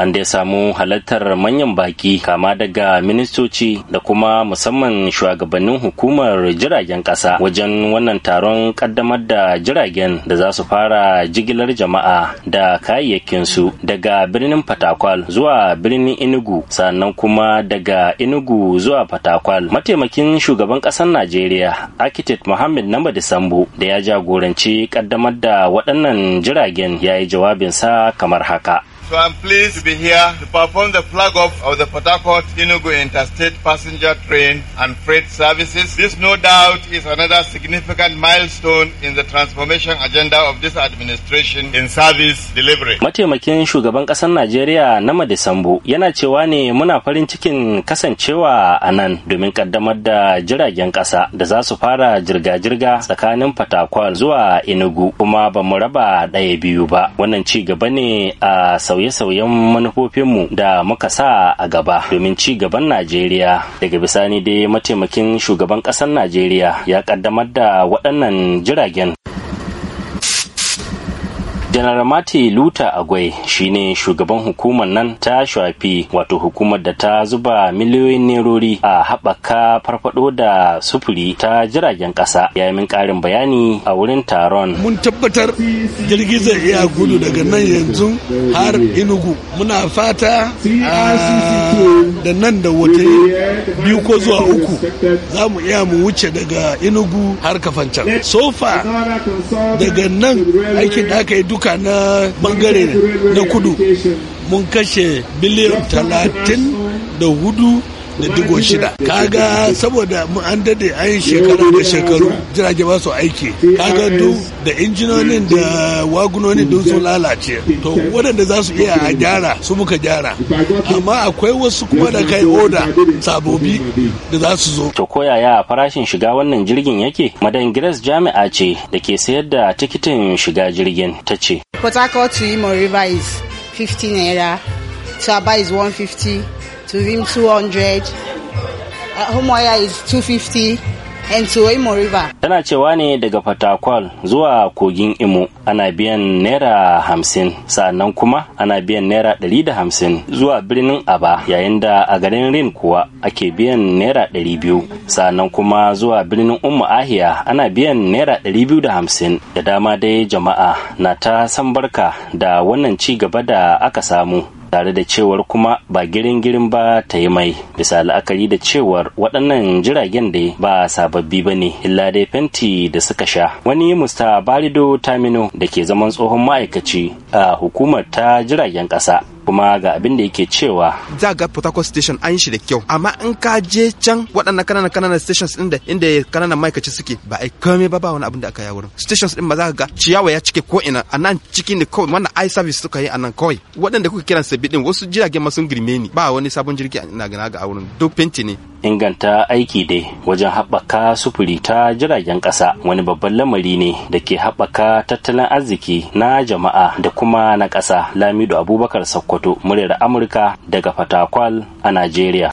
an dai samu halartar manyan baki kama daga ministoci da kuma musamman shugabannin hukumar jiragen kasa wajen wannan taron kaddamar da jiragen da za su fara jigilar jama'a da kayayyakinsu daga birnin patakwal zuwa birnin inugu sannan kuma daga inugu zuwa fatakwal mataimakin shugaban kasar najeriya architect muhammad namba disambu da ya jagoranci kaddamar da waɗannan jiragen ya yi jawabinsa kamar haka So I'm pleased to be here to perform the flag off of the Port Harcourt inugu Interstate Passenger Train and Freight Services. This, no doubt, is another significant milestone in the transformation agenda of this administration in service delivery. Mataimakin shugaban ƙasar Najeriya na madisambu yana cewa ne muna farin cikin kasancewa a nan domin kaddamar da jiragen ƙasa da za su fara jirga-jirga tsakanin Fatakwal zuwa inugu kuma ba mu raba ɗaya biyu ba. Wannan ci gaba ne a sau sauye-sauyen manufofinmu da muka sa a gaba domin ci gaban Najeriya. Daga bisani dai mataimakin shugaban ƙasar Najeriya ya ƙaddamar da waɗannan jiragen janar mati luta agwai shine shugaban hukumar nan ta shafi wato hukumar da ta zuba miliyoyin nerori a haɓaka farfado da sufuri ta jiragen ƙasa ya min ƙarin bayani a wurin taron mun tabbatar jirgi zai iya gudu daga nan yanzu har inugu muna fata ah, da nan da wata biyu ko zuwa uku za mu iya mu wuce daga inugu har kafancan sofa daga nan aikin da aka yi duk duka na bangare na kudu mun kashe biliyan talatin da hudu da digo shida kaga saboda an dade an shekara da shekaru jirage ba su aiki kaga du da injinonin da wagunonin dun sun lalace to waɗanda za su iya a gyara su muka gyara amma akwai wasu kuma da kai oda sabobi da za su zo to koyaya farashin shiga wannan jirgin yake madan gires jami'a ce da ke sayar da tikitin shiga jirgin ta ce Port Harcourt to Imo River is 50 naira, is 150, to him 200 at home wire is 250 and to imo river tana cewa ne daga fatakwal zuwa kogin imo ana biyan naira hamsin sannan kuma ana biyan naira ɗari da hamsin zuwa birnin aba yayin da a garin rin kuwa ake biyan naira ɗari biyu sannan kuma zuwa birnin umma ahiya ana biyan naira ɗari biyu da hamsin da dama dai jama'a na ta san barka da wannan ci gaba da aka samu tare da cewar kuma ba girin-girin ba ta yi mai bisa la'akari da cewar waɗannan jiragen da ba sababbi ba ne illa dai fenti da suka sha wani musta barido tamino da ke zaman tsohon ma'aikaci a hukumar ta jiragen kasa. kuma ga abin da yake cewa za ga Port Harcourt station an shi da kyau amma in ka je can waɗannan kananan kananan stations din da inda kananan ma'aikaci suke ba a kame ba ba wani abin da aka yi wurin stations din ba za ga ciyawa ya cike ko ina a nan ciki ne kawai wannan eye service suka yi a nan kawai waɗanda kuka kiran sabbi din wasu jiragen ma sun girme ni ba wani sabon jirgi ina gana ga a wurin duk fenti ne inganta aiki dai wajen haɓaka sufuri ta jiragen ƙasa wani babban lamari ne da ke haɓaka tattalin arziki na jama'a da kuma na ƙasa lamido abubakar sokoto muryar amurka daga fatakwal a najeriya